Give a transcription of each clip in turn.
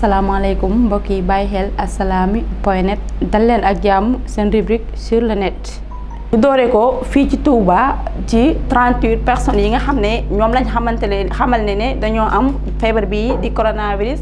asalaamaaleykum mbokk yi bàyyi xel asalaami point net dal leen ak jàmm seen rubrique sur le net ñu dooree ko fii ci Touba ci 38 personnes yi nga xam ne ñoom lañ xamante ne xamal ne ne dañoo am feebar bii di coronavirus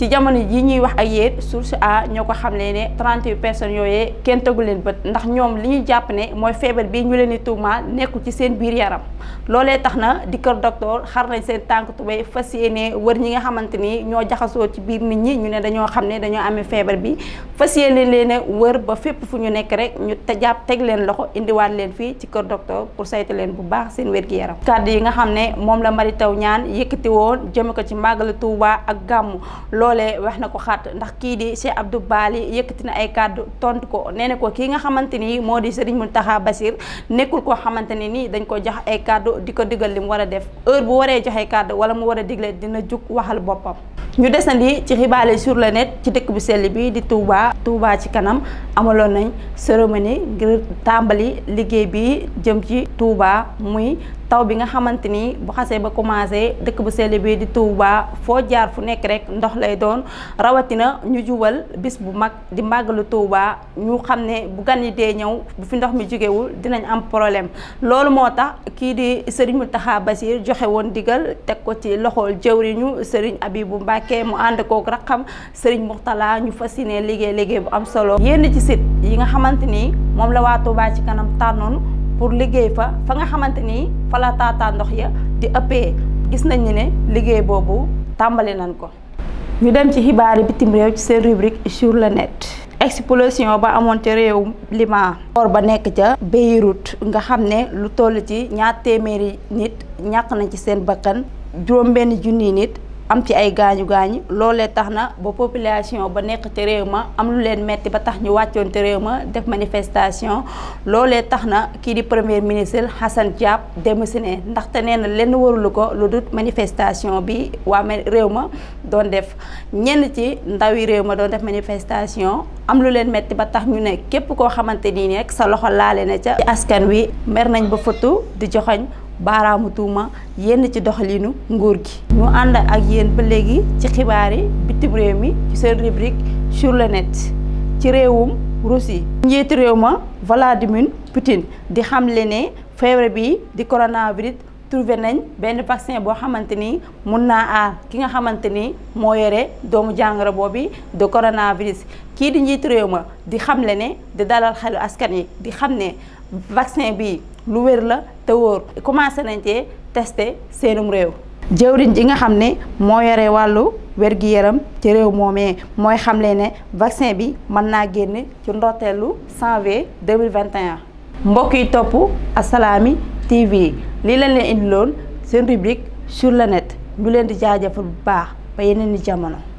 ci jamono ji ñuy wax ak yéen source a ñoo ko xam ne ne 38 personnes yooyee kenn leen bët ndax ñoom li ñu jàpp ne mooy feebar bii ñu leen di tuumaal nekkul ci seen biir yaram loolee tax na di kër docteur xar nañ seen tànk tubéy fas yéene wër ñi nga xamante ni ñoo jaxasoo ci biir nit ñi ñu ne dañoo xam ne dañoo amee feebar bi fas yéene leen wër ba fépp fu ñu nekk rek ñu jàpp teg leen loxo indi indiwaat leen fii ci kër docteur pour saytu leen bu baax seen wér-gi-yaram kàddu yi nga xam ne moom la Mary Teuw Niane yëkkati woon jëme ko ci la Touba ak gàmmu loole wax na ko xat ndax kii di Cheikh Abdou Bali yëkkati na ay kàddu tontu ko nee ne ko kii nga xamante ni moo di Serigne Mountakha Bassir nekkul koo xamante ne nii dañ ko jox ay kàddu di ko digal li mu war a def heure bu waree joxee kàddu wala mu war a digle dina jug waxal boppam ñu desandi ci xibaale sur le net ci dëkk bu sell bi di Touba Touba ci kanam amaloon nañ cérémonie ngir tàmbali liggéey bi jëm ci tuubaa muy taw bi nga xamante ni bu xasee ba commencé dëkk bu sell bii di Touba foo jaar fu nekk rek ndox lay doon rawatina ñu jubal bis bu mag di lu Touba ñu xam ne bu gan yi dee ñëw bu fi ndox mi jógewul dinañ am problème loolu moo tax kii di Serigne Mountakha Bassir joxe woon digal teg ko ci loxool jëwriñu abi bu Mbacké mu ànd kook rakkam Serigne Mourtala ñu fas yéene liggéey liggéey bu am solo yenn ci site yi nga xamante ni moom la waa Touba ci kanam tànnoon pour liggéey fa fa nga xamante ni fa la ndox ya di ëppee gis nañ ni ne liggéey boobu tàmbali nañ ko. ñu dem ci xibaari bitim réew ci seen rubrique sur le net. explosion ba amoon ca réew Liban. or ba nekk ca Beyrouth nga xam ne lu toll ci ñaar téeméeri nit ñàkk nañ ci seen bakkan juróom benn junni nit. am ci ay gaañu gaañu loolee tax na ba population ba nekk te réew ma am lu leen metti ba tax ñu wàccoon te réew ma def manifestation loolee tax na kii di premier ministre Hassan si ne ndaxte nee na lenn warulu ko lu dut manifestation bi waa réew ma doon def ñenn ci ndawi réew ma doon def manifestation am lu leen metti ba tax ñu ne képp koo xamante nii nekk sa loxo laale na ca ci askan wi mer nañ ba fëttu di joxañ baaraamu tuuma yenn ci doxaliinu nguur gi. ñu ànd ak yéen ba léegi ci xibaar yi bitim réew mi ci seen rubrique sur le net ci réewum Russie. njiitu réew ma Vladimir Poutine di xamle ne feebar bi di coronavirus. trouvé nañ benn vaccin boo xamante ni mun naa aar ki nga xamante ni moo yore doomu jàngoro boobu de coronavirus kii di njiit réew ma di xamle ne di dalal xelu askan yi di xam ne vaccin bi lu wér la te wóor commencé nañ cee testé seenum réew. jëwriñ ji nga xam ne moo yore wàllu wér-gi-yaram ci réew moomee mooy xamle ne vaccin bi mën naa génn ci ndorteelu janvier 2021 mbokk yi topp asalaami TV lii lañ leen indiloon seen rubrique sur le net ñu leen di jaajëfal bu baax ba yeneen i jamono.